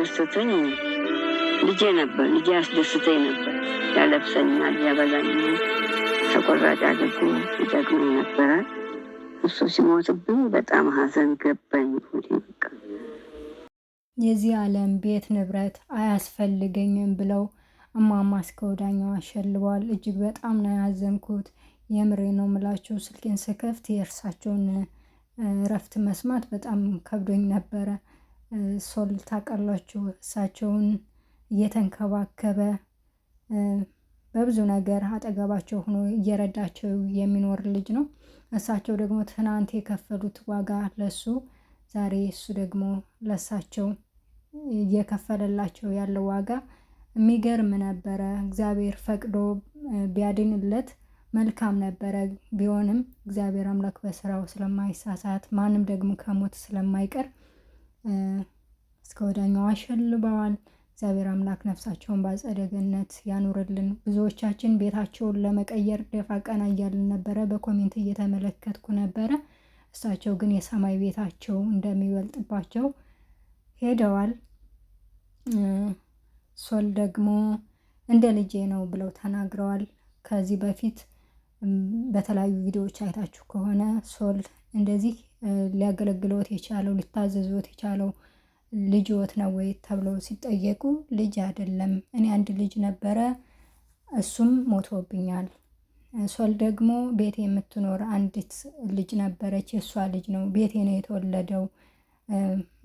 የሚያስደስተኝ ልጄ ነበር። ልጄ ያስደስተኝ ነበር። ያለብሰኛል፣ ያበላኛል፣ ተቆራጭ አድርጎ ይጠቅመኝ ነበረ። እሱ ሲሞትብኝ በጣም ሀዘን ገባኝ። የዚህ ዓለም ቤት ንብረት አያስፈልገኝም ብለው እማማ እስከ ወዳኛው አሸልበዋል። እጅግ በጣም ነው ያዘንኩት። የምሬ ነው ምላችሁ። ስልኬን ስከፍት የእርሳቸውን እረፍት መስማት በጣም ከብዶኝ ነበረ። ሶል ታውቃላችሁ፣ እሳቸውን እየተንከባከበ በብዙ ነገር አጠገባቸው ሆኖ እየረዳቸው የሚኖር ልጅ ነው። እሳቸው ደግሞ ትናንት የከፈሉት ዋጋ ለሱ ዛሬ እሱ ደግሞ ለእሳቸው እየከፈለላቸው ያለው ዋጋ የሚገርም ነበረ። እግዚአብሔር ፈቅዶ ቢያድንለት መልካም ነበረ። ቢሆንም እግዚአብሔር አምላክ በስራው ስለማይሳሳት ማንም ደግሞ ከሞት ስለማይቀር እስከ ወዳኛው አሸልበዋል። እግዚአብሔር አምላክ ነፍሳቸውን በአጸደ ገነት ያኑርልን። ብዙዎቻችን ቤታቸውን ለመቀየር ደፋ ቀና እያልን ነበረ፣ በኮሜንት እየተመለከትኩ ነበረ። እሳቸው ግን የሰማይ ቤታቸው እንደሚበልጥባቸው ሄደዋል። ሶል ደግሞ እንደ ልጄ ነው ብለው ተናግረዋል። ከዚህ በፊት በተለያዩ ቪዲዮዎች አይታችሁ ከሆነ ሶል እንደዚህ ሊያገለግልዎት የቻለው ሊታዘዝዎት የቻለው ልጅዎት ነው ወይ ተብለው ሲጠየቁ ልጅ አይደለም፣ እኔ አንድ ልጅ ነበረ እሱም ሞቶብኛል። ሶል ደግሞ ቤቴ የምትኖር አንዲት ልጅ ነበረች፣ የእሷ ልጅ ነው፣ ቤቴ ነው የተወለደው፣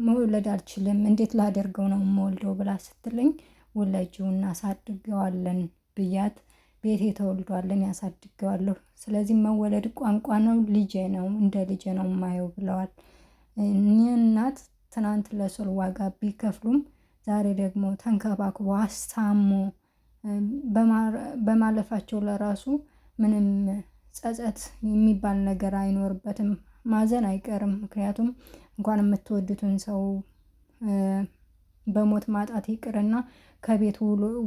መውለድ አልችልም፣ እንዴት ላደርገው ነው የምወልደው ብላ ስትለኝ ውለጂውና አሳድገዋለን ብያት ቤቴ ተወልዷልን ያሳድገዋለሁ። ስለዚህ መወለድ ቋንቋ ነው፣ ልጄ ነው፣ እንደ ልጄ ነው ማየው ብለዋል። እኒህ እናት ትናንት ለሶል ዋጋ ቢከፍሉም ዛሬ ደግሞ ተንከባክቦ አስታሞ በማለፋቸው ለራሱ ምንም ጸጸት የሚባል ነገር አይኖርበትም። ማዘን አይቀርም። ምክንያቱም እንኳን የምትወዱትን ሰው በሞት ማጣት ይቅርና ከቤት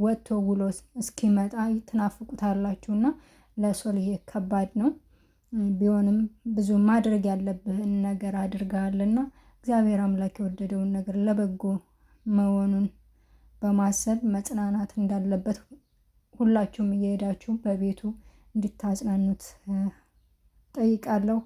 ወጥቶ ውሎ እስኪመጣ ትናፍቁታላችሁ እና ለሶልዬ ከባድ ነው። ቢሆንም ብዙ ማድረግ ያለብህን ነገር አድርገሃልና እግዚአብሔር አምላክ የወደደውን ነገር ለበጎ መሆኑን በማሰብ መጽናናት እንዳለበት ሁላችሁም እየሄዳችሁ በቤቱ እንድታጽናኑት ጠይቃለሁ።